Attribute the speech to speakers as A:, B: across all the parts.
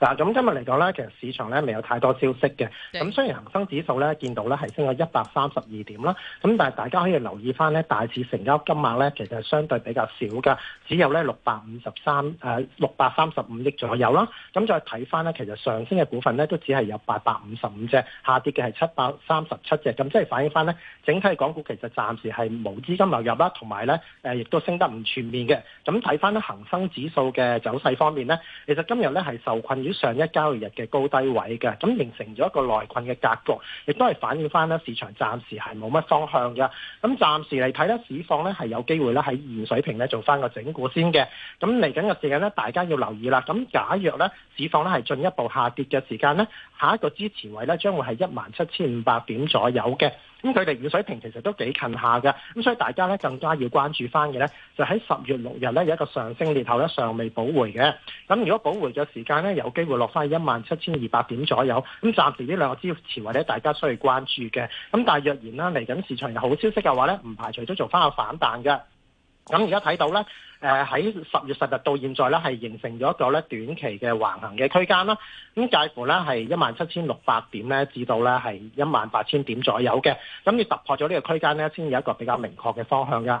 A: 嗱，咁今日嚟講咧，其實市場咧未有太多消息嘅。咁雖然恒生指數咧見到咧係升咗一百三十二點啦，咁但係大家可以留意翻咧，大市成交金額咧其實係相對比較少㗎，只有咧六百五十三誒六百三十五億左右啦。咁再睇翻咧，其實上升嘅股份咧都只係有八百五十五隻，下跌嘅係七百三十七隻。咁即係反映翻咧，整體港股其實暫時係無資金流入啦，同埋咧誒亦都升得唔全面嘅。咁睇翻咧恒生指數嘅走勢方面咧，其實今日咧係受困上一交易日嘅高低位嘅，咁形成咗一個內困嘅格局，亦都係反映翻呢市場暫時係冇乜方向嘅。咁暫時嚟睇呢，市況呢係有機會呢喺現水平呢做翻個整固先嘅。咁嚟緊嘅時間呢，大家要留意啦。咁假若呢市況呢係進一步下跌嘅時間呢，下一個支持位呢將會係一萬七千五百點左右嘅。咁佢哋雨水平其實都幾近下嘅，咁所以大家咧更加要關注翻嘅咧，就喺十月六日咧有一個上升裂口咧尚未補回嘅，咁如果補回嘅時間咧有機會落翻一萬七千二百點左右，咁暫時呢兩個支持或者大家需要關注嘅，咁但係若然啦嚟緊市場有好消息嘅話咧，唔排除都做翻個反彈嘅。咁而家睇到咧，誒喺十月十日到現在咧，係形成咗一個咧短期嘅橫行嘅區間啦。咁介乎咧係一萬七千六百點咧，至到咧係一萬八千點左右嘅。咁要突破咗呢個區間咧，先有一個比較明確嘅方向㗎。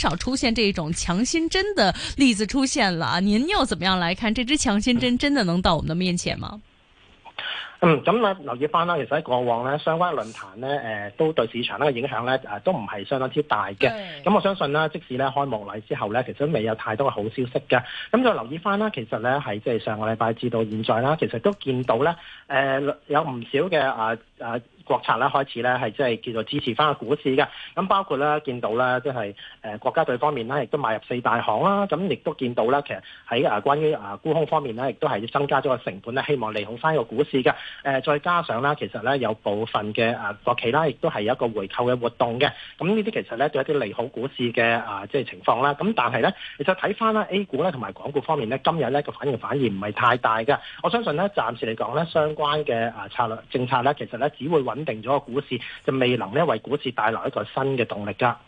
B: 少出現這種強心針的例子出現了，您又怎麼樣來看？這支強心針真的能到我們的面前嗎？嗯，
A: 咁咧留意翻啦，其實喺過往呢，相關論壇呢，誒、呃，都對市場呢個影響呢，誒、呃，都唔係相當之大嘅。咁、嗯、我相信呢，即使呢開幕禮之後呢，其實都未有太多嘅好消息嘅。咁、嗯、就留意翻啦，其實呢係即係上個禮拜至到現在啦，其實都見到呢，誒、呃，有唔少嘅啊啊。呃呃國策咧開始咧係即係叫做支持翻個股市嘅，咁包括咧見到咧即係誒國家隊方面呢，亦都買入四大行啦，咁亦都見到咧其實喺誒關於誒沽空方面呢，亦都係增加咗個成本咧，希望利好翻個股市嘅。誒再加上咧，其實咧有部分嘅誒國企啦，亦都係有一個回購嘅活動嘅。咁呢啲其實咧對一啲利好股市嘅誒即係情況啦。咁但係咧，其實睇翻啦 A 股咧同埋港股方面咧，今日咧個反應反而唔係太大嘅。我相信咧暫時嚟講咧，相關嘅誒策略政策咧，其實咧只會搵。定咗股市就未能呢為股市帶來一個新嘅動力噶。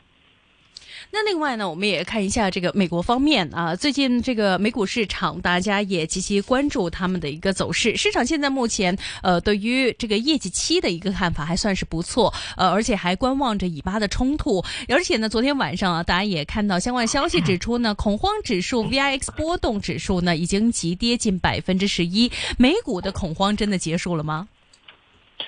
B: 那另外呢，我們也看一下這個美國方面啊，最近這個美股市場，大家也積極關注他們的一個走勢。市場現在目前，呃，對於這個業績期的一個看法還算是不錯，呃，而且還觀望着以巴的衝突。而且呢，昨天晚上啊，大家也看到相關消息指出呢， 恐慌指數 VIX 波動指數呢已經急跌近百分之十一。美股的恐慌真的結束了嗎？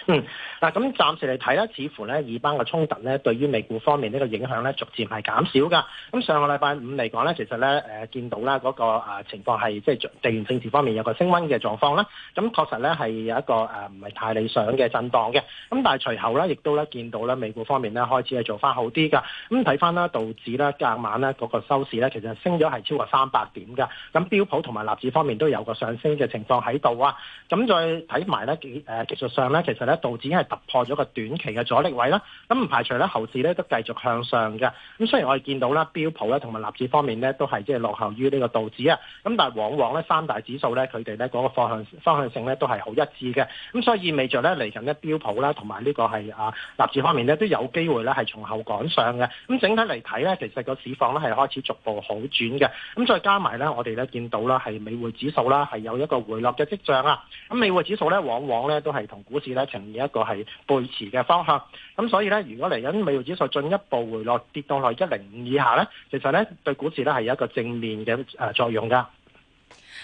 B: 嗯。
A: 嗱，咁暫時嚟睇咧，似乎咧以巴嘅衝突咧，對於美股方面呢個影響咧，逐漸係減少噶。咁上個禮拜五嚟講咧，其實咧見到啦嗰個情況係即係地緣政治方面有個升溫嘅狀況啦。咁確實咧係有一個唔係太理想嘅震蕩嘅。咁但係隨後咧亦都咧見到咧美股方面咧開始係做翻好啲噶。咁睇翻啦，道指咧隔晚咧嗰個收市咧其實升咗係超過三百點噶。咁標普同埋納指方面都有個上升嘅情況喺度啊。咁再睇埋咧技技術上咧，其實咧道指破咗個短期嘅阻力位啦，咁唔排除咧，後市咧都繼續向上嘅。咁雖然我哋見到啦，標普咧同埋納指方面咧，都係即係落後於呢個道指啊。咁但係往往咧三大指數咧，佢哋咧嗰個方向方向性咧都係好一致嘅。咁所以意味著咧，嚟緊咧標普啦，同埋呢個係啊納指方面咧，都有機會咧係從後趕上嘅。咁整體嚟睇咧，其實個市況咧係開始逐步好轉嘅。咁再加埋咧，我哋咧見到啦，係美匯指數啦係有一個回落嘅跡象啦。咁美匯指數咧，往往咧都係同股市咧呈現一個係。背馳嘅方向，咁所以咧，如果嚟緊美匯指數進一步回落跌到落一零五以下咧，其實咧對股市咧係有一個正面嘅誒作用噶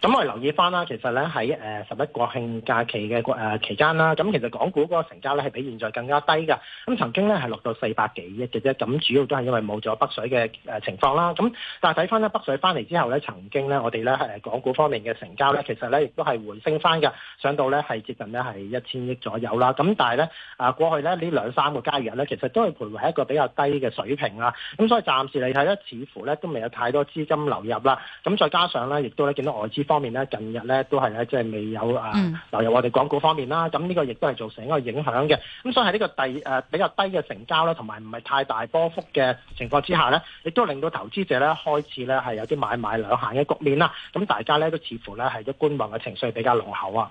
A: 咁我哋留意翻啦，其實咧喺誒十一國慶假期嘅誒期間啦，咁其實港股嗰個成交咧係比現在更加低嘅。咁曾經咧係落到四百幾億嘅啫，咁主要都係因為冇咗北水嘅誒情況啦。咁但係睇翻咧北水翻嚟之後咧，曾經咧我哋咧係港股方面嘅成交咧，其實咧亦都係回升翻嘅，上到咧係接近咧係一千億左右啦。咁但係咧啊過去咧呢兩三個交易日咧，其實都係徘徊一個比較低嘅水平啦。咁所以暫時嚟睇咧，似乎咧都未有太多資金流入啦。咁再加上咧，亦都咧見到外資方面咧，近日咧都係咧，即係未有啊流入我哋港股方面啦。咁呢個亦都係造成一個影響嘅。咁所以喺呢個第誒、呃、比較低嘅成交啦，同埋唔係太大波幅嘅情況之下咧，亦都令到投資者咧開始咧係有啲買賣兩閒嘅局面啦。咁大家咧都似乎咧係一觀望嘅情緒比較濃厚啊。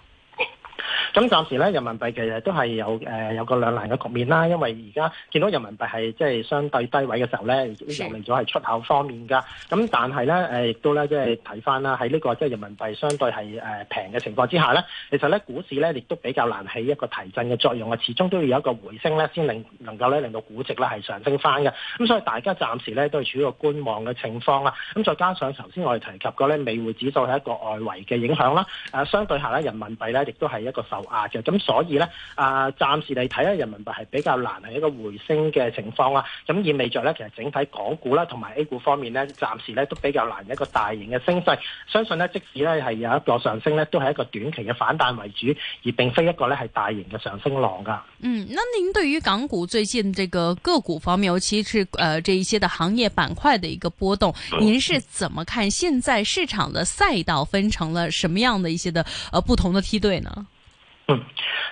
A: 咁暫時咧，人民幣其實都係有誒、呃、有個兩難嘅局面啦。因為而家見到人民幣係即係相對低位嘅時候咧，呢證明咗係出口方面㗎。咁但係咧亦都咧即係睇翻啦，喺呢個即係人民幣相對係平嘅情況之下咧，其實咧股市咧亦都比較難起一個提振嘅作用啊。始終都要有一個回升咧，先令能，能夠咧令到估值咧係上升翻嘅。咁所以大家暫時咧都係處於一個觀望嘅情況啦。咁再加上頭先我哋提及過咧美匯指數係一個外圍嘅影響啦、啊。相對下咧人民幣咧亦都係一個。受壓嘅，咁所以呢，啊，暫時嚟睇，人民幣係比較難係一個回升嘅情況啦，咁意味着呢，其實整體港股啦，同埋 A 股方面呢，暫時呢都比較難一個大型嘅升勢，相信呢，即使呢係有一個上升呢，都係一個短期嘅反彈為主，而並非一個呢係大型嘅上升浪噶。嗯，
B: 那您對於港股最近這個個股方面，尤其是呃這一些的行業板塊的一個波動，您是怎麼看？現在市場的賽道分成了什麼樣的一些的，呃，不同的梯隊呢？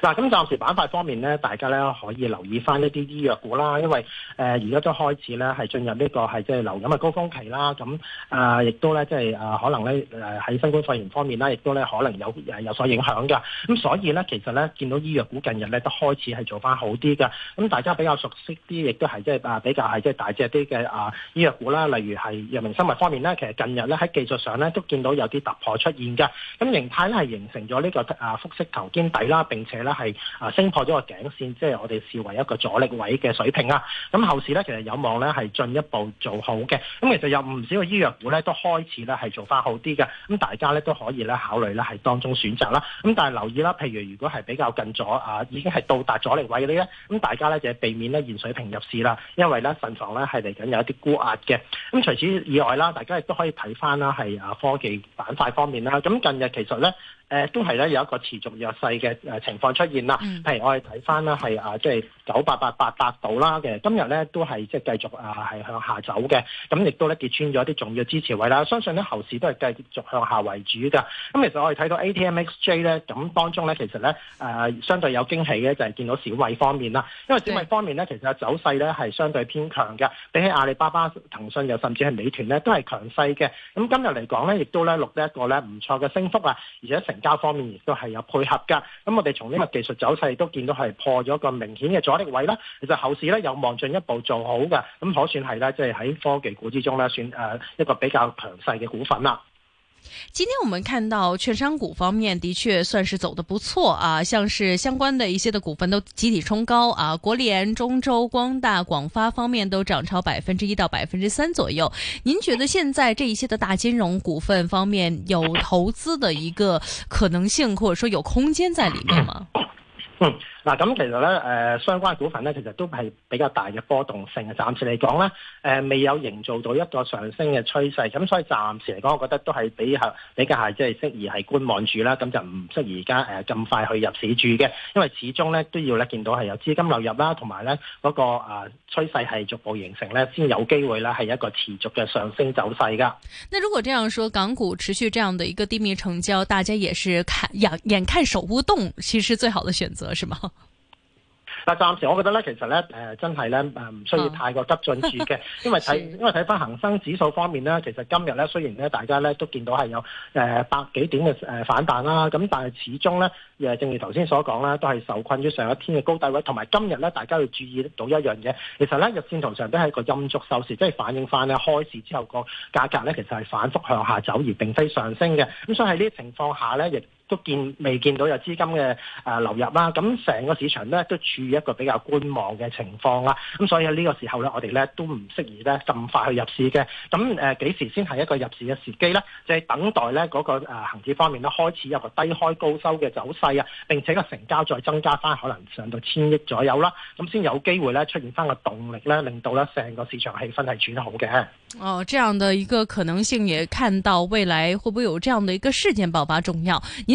A: 嗱、嗯，咁暫時板塊方面咧，大家咧可以留意翻一啲醫藥股啦，因為誒而家都開始咧係進入呢、呢個係即係流感嘅高峰期啦，咁誒亦都咧即係誒可能咧誒喺新冠肺炎方面啦，亦都咧可能有誒有，有所影響噶，咁所以咧其實咧見到醫藥股近日咧都開始係做翻好啲㗎。咁大家比較熟悉啲，亦都係即係比較係即係大隻啲嘅誒醫藥股啦，例如係藥明生物方面咧，其實近日咧喺技術上咧都見到有啲突破出現㗎。咁形態咧係形成咗呢個誒複式頭肩底。啦，並且咧係啊升破咗個頸線，即係我哋視為一個阻力位嘅水平啦。咁後市咧，其實有望咧係進一步做好嘅。咁其實有唔少嘅醫藥股咧，都開始咧係做翻好啲嘅。咁大家咧都可以咧考慮咧係當中選擇啦。咁但係留意啦，譬如如果係比較近咗啊，已經係到達阻力位嗰啲咧，咁大家咧就避免咧現水平入市啦，因為咧慎防咧係嚟緊有一啲沽壓嘅。咁除此以外啦，大家亦都可以睇翻啦係啊科技板塊方面啦。咁近日其實咧誒都係咧有一個持續弱勢嘅。誒、呃、情況出現啦，係、嗯、我哋睇翻啦，係啊，即係。九八八八八到啦嘅，今日咧都係即係繼續啊，係向下走嘅，咁亦都咧結穿咗一啲重要支持位啦。相信咧後市都係繼續向下為主噶。咁其實我哋睇到 ATMXJ 咧，咁當中咧其實咧誒相對有驚喜嘅就係、是、見到小米方面啦，因為小米方面咧其實走勢咧係相對偏強嘅，比起阿里巴巴、騰訊又甚至係美團咧都係強勢嘅。咁今日嚟講咧，亦都咧錄得一個咧唔錯嘅升幅啊，而且成交方面亦都係有配合噶。咁我哋從呢個技術走勢都見到係破咗個明顯嘅阻的位啦，其實後市咧有望進一步做好嘅，咁可算係咧，即係喺科技股之中咧，算呃一個比較強勢嘅股份啦。
B: 今天我們看到券商股方面的確算是走得不錯啊，像是相關的一些的股份都集體衝高啊，國聯、中州、光大、廣發方面都漲超百分之一到百分之三左右。您覺得現在這一些的大金融股份方面有投資的一個可能性，或者說有空間在裏面嗎？
A: 嗱，咁其實咧，誒、呃、相關股份咧，其實都係比較大嘅波動性。暫時嚟講咧，誒、呃、未有營造到一個上升嘅趨勢，咁所以暫時嚟講，我覺得都係比較比較即係適宜係觀望住啦。咁就唔適宜而家誒咁快去入市住嘅，因為始終咧都要咧見到係有資金流入啦，同埋咧嗰個啊趨勢係逐步形成咧，先有機會咧係一個持續嘅上升走勢㗎。
B: 那如果這樣說，港股持續這樣的嘅一個低迷成交，大家也是看眼眼看手勿動，其實最好的選擇是嗎？
A: 但暫時我覺得咧，其實咧，誒真係咧，誒唔需要太過急進住嘅、嗯， 因為睇，因為睇翻恆生指數方面咧，其實今日咧，雖然咧，大家咧都見到係有誒百幾點嘅誒反彈啦，咁但係始終咧，亦正如頭先所講啦，都係受困於上一天嘅高低位，同埋今日咧，大家要注意到一樣嘢，其實咧，日線圖上都係一個陰燭收市，即係反映翻咧開市之後個價格咧，其實係反覆向下走而並非上升嘅，咁所以喺呢啲情況下咧，亦，都見未見到有資金嘅誒、呃、流入啦，咁成個市場咧都處於一個比較觀望嘅情況啦，咁所以喺呢個時候咧，我哋咧都唔適宜咧咁快去入市嘅。咁誒幾時先係一個入市嘅時機咧？就係、是、等待咧嗰、那個誒、呃、行市方面咧開始有一個低開高收嘅走勢啊，並且個成交再增加翻可能上到千億左右啦，咁先有機會咧出現翻個動力咧，令到咧成個市場氣氛係轉得好嘅。
B: 哦，這樣的嘅一個可能性，也看到未來會不會有這樣的嘅一個事件爆發重要？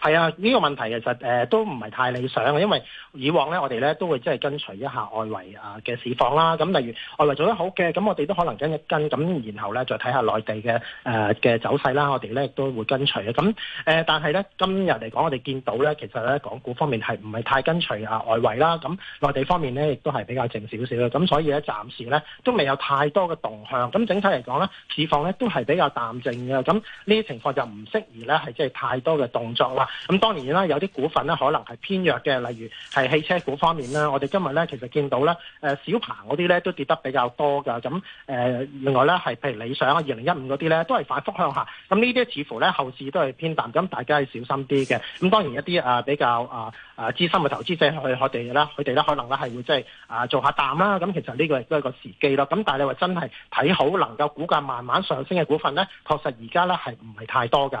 A: 係啊，呢個問題其實誒、都唔係太理想嘅，因為以往咧我哋咧都會即係跟隨一下外圍啊嘅市況啦。咁例如外圍做得好嘅，咁我哋都可能跟一跟，咁然後咧再睇下內地嘅誒嘅走勢啦。我哋咧亦都會跟隨嘅。咁誒，但係咧今日嚟講，我哋見到咧其實咧港股方面係唔係太跟隨啊外圍啦。咁內地方面咧亦都係比較靜少少嘅。咁所以咧暫時咧都未有太多嘅動向。咁整體嚟講咧，市況咧都係比較淡靜嘅。咁呢啲情況就唔適宜咧係即係太多嘅動作啦。咁當然啦，有啲股份咧可能係偏弱嘅，例如係汽車股方面啦。我哋今日咧其實見到咧，誒、呃、小鵬嗰啲咧都跌得比較多㗎。咁誒、呃、另外咧係譬如理想啊，二零一五嗰啲咧都係反覆向下。咁呢啲似乎咧後市都係偏淡，咁大家係小心啲嘅。咁當然一啲啊比較啊啊資深嘅投資者去我哋啦，佢哋咧可能咧係會即係啊做下淡啦。咁其實呢個亦都係個時機咯。咁但係你話真係睇好能夠股價慢慢上升嘅股份咧，確實而家咧係唔係太多㗎。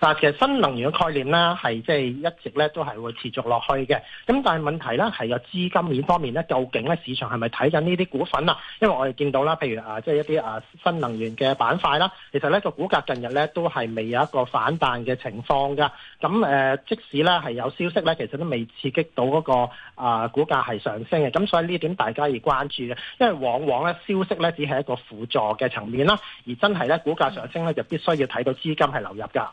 A: 但其實新能源嘅概念咧，係即係一直咧都係會持續落去嘅。咁但係問題咧，係個資金面方面咧，究竟咧市場係咪睇緊呢啲股份啊？因為我哋見到啦，譬如啊，即係一啲啊新能源嘅板塊啦，其實咧個股價近日咧都係未有一個反彈嘅情況噶。咁誒，即使咧係有消息咧，其實都未刺激到嗰個啊股價係上升嘅。咁所以呢一點大家要關注嘅，因為往往咧消息咧只係一個輔助嘅層面啦，而真係咧股價上升咧就必須要睇到資金係流入噶。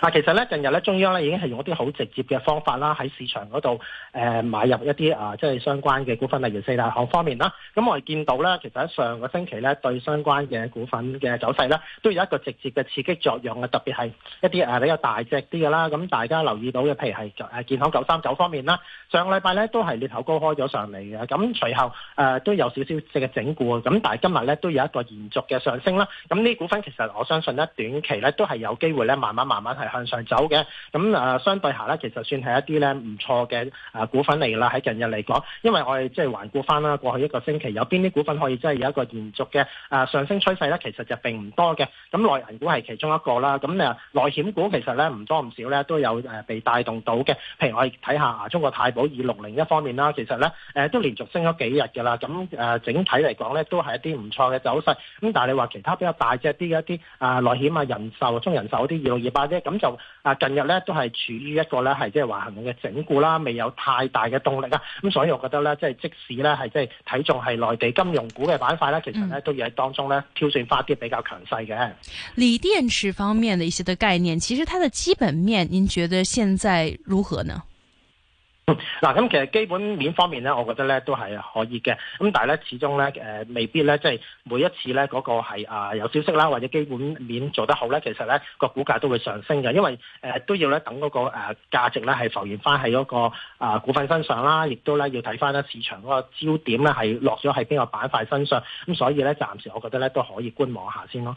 A: 嗱，其實咧近日咧，中央咧已經係用一啲好直接嘅方法啦，喺市場嗰度誒買入一啲啊，即係相關嘅股份，例如四大行方面啦。咁我哋見到咧，其實喺上個星期咧，對相關嘅股份嘅走勢咧，都有一個直接嘅刺激作用嘅。特別係一啲誒比較大隻啲嘅啦，咁大家留意到嘅，譬如係誒健康九三九方面啦，上個禮拜咧都係裂口高開咗上嚟嘅。咁隨後誒都有少少嘅整固，咁但係今日咧都有一個延續嘅上升啦。咁呢股份其實我相信咧，短期咧都係有機會咧，慢慢慢慢向上走嘅，咁、呃、相對下咧，其實算係一啲咧唔錯嘅、啊、股份嚟啦。喺近日嚟講，因為我哋即係環顧翻啦，過去一個星期有邊啲股份可以即係有一個連續嘅、啊、上升趨勢咧，其實就並唔多嘅。咁內銀股係其中一個啦，咁啊、呃、內險股其實咧唔多唔少咧都有誒被帶動到嘅。譬如我哋睇下中國太保二六零一方面啦，其實咧誒、呃、都連續升咗幾日嘅啦。咁誒、呃、整體嚟講咧都係一啲唔錯嘅走勢。咁但係你話其他比較大隻啲嘅一啲啊內險啊人壽中人壽啲二六二八咁。咁就啊近日咧都係處於一個咧係即係話恒嘅整固啦，未有太大嘅動力啦。咁所以我覺得咧，即係即使咧係即係睇中係內地金融股嘅板塊咧，其實咧都要喺當中咧挑選翻啲比較強勢
B: 嘅鋰電池方面的一些嘅概念，其實它的基本面，您覺得現在如何呢？
A: 嗱、嗯，咁其實基本面方面咧，我覺得咧都係可以嘅。咁但係咧，始終咧，誒，未必咧，即係每一次咧，嗰個係啊有消息啦，或者基本面做得好咧，其實咧個股價都會上升嘅。因為誒都要咧等嗰個誒價值咧係浮現翻喺嗰個啊股份身上啦，亦都咧要睇翻咧市場嗰個焦點咧係落咗喺邊個板塊身上。咁所以咧，暫時我覺得咧都可以觀望下先咯。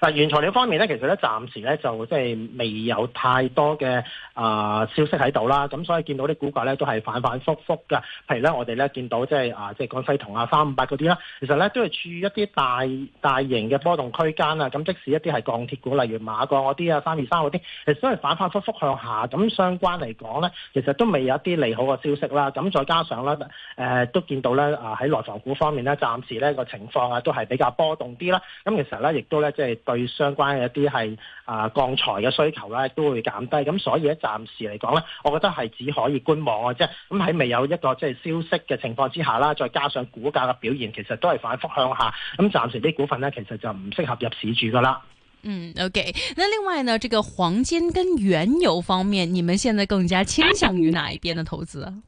A: 嗱，原材料方面咧，其實咧暫時咧就即係未有太多嘅啊、呃、消息喺度啦，咁所以見到啲股價咧都係反反覆覆㗎。譬如咧，我哋咧見到即、就、係、是、啊，即係廣西銅啊、三五八嗰啲啦，其實咧都係處於一啲大大型嘅波動區間啊。咁即使一啲係鋼鐵股，例如馬鋼嗰啲啊、三二三嗰啲，其實都係反反覆覆向下。咁相關嚟講咧，其實都未有一啲利好嘅消息啦。咁再加上咧，誒、呃、都見到咧啊喺內房股方面咧，暫時咧個情況啊都係比較波動啲啦。咁其實咧，亦都咧即對相關嘅一啲係啊鋼材嘅需求咧都會減低，咁所以咧暫時嚟講咧，我覺得係只可以觀望啊，即係咁喺未有一個即係消息嘅情況之下啦，再加上股價嘅表現，其實都係反覆向下。咁暫時啲股份咧，其實就唔適合入市住噶啦。
B: 嗯，OK。那另外呢，這個黃金跟原油方面，你們現在更加傾向於哪一邊的投資？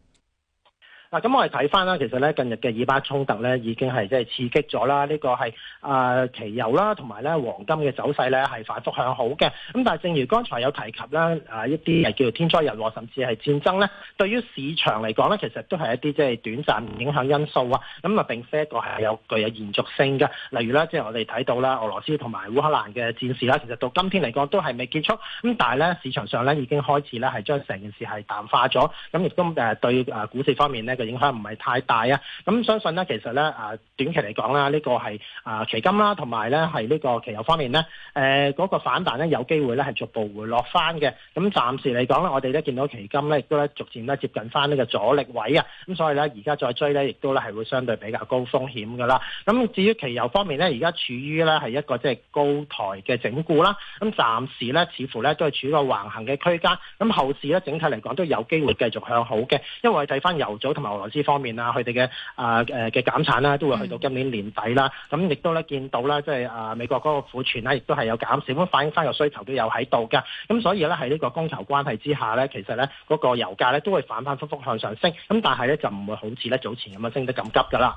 A: 嗱，咁我哋睇翻啦，其實咧近日嘅以巴衝突咧已經係即係刺激咗啦，呢個係啊期油啦，同埋咧黃金嘅走勢咧係反覆向好嘅。咁但係正如剛才有提及啦，啊一啲係叫做天災人禍，甚至係戰爭咧，對於市場嚟講咧，其實都係一啲即係短暫影響因素啊。咁啊，並非一個係有具有延續性嘅。例如咧，即係我哋睇到啦，俄羅斯同埋烏克蘭嘅戰事啦，其實到今天嚟講都係未結束。咁但係咧，市場上咧已經開始咧係將成件事係淡化咗。咁亦都誒對啊股市方面咧，嘅影響唔係太大啊！咁相信呢，其實呢，啊，短期嚟講啦，呢個係啊期金啦，同埋呢係呢個期油方面呢，誒嗰個反彈呢，有機會呢係逐步回落翻嘅。咁暫時嚟講呢，我哋咧見到期金呢亦都咧逐漸咧接近翻呢個阻力位啊！咁所以呢，而家再追呢，亦都呢係會相對比較高風險噶啦。咁至於期油方面呢，而家處於呢係一個即係高台嘅整固啦。咁暫時呢，似乎呢都係處於一個橫行嘅區間。咁後市呢，整體嚟講都有機會繼續向好嘅，因為睇翻油組同埋。俄羅斯方面啊，佢哋嘅啊誒嘅減產啦，都會去到今年年底啦。咁、嗯、亦都咧見到啦，即係啊美國嗰個庫存咧，亦都係有減少。咁反映翻個需求都有喺度㗎。咁所以咧喺呢個供求關係之下咧，其實咧嗰、那個油價咧都會反反覆覆向上升。咁但係咧就唔會好似咧早前咁樣升得咁急㗎啦。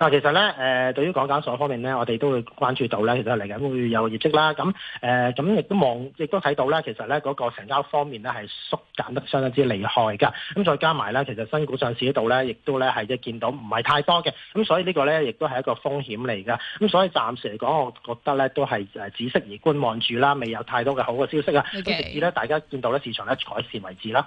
A: 嗱、啊，其實咧、呃，對於港交所方面咧，我哋都會關注到咧，其實嚟緊會有業績啦。咁咁亦都望，亦都睇到咧，其實咧嗰、那個成交方面咧係縮減得相當之厲害㗎。咁再加埋咧，其實新股上市呢度咧，亦都咧係即係見到唔係太多嘅。咁所以個呢個咧，亦都係一個風險嚟㗎。咁所以暫時嚟講，我覺得咧都係誒只適宜觀望住啦，未有太多嘅好嘅消息啊。咁直至咧，大家見到咧市場咧改善為止啦。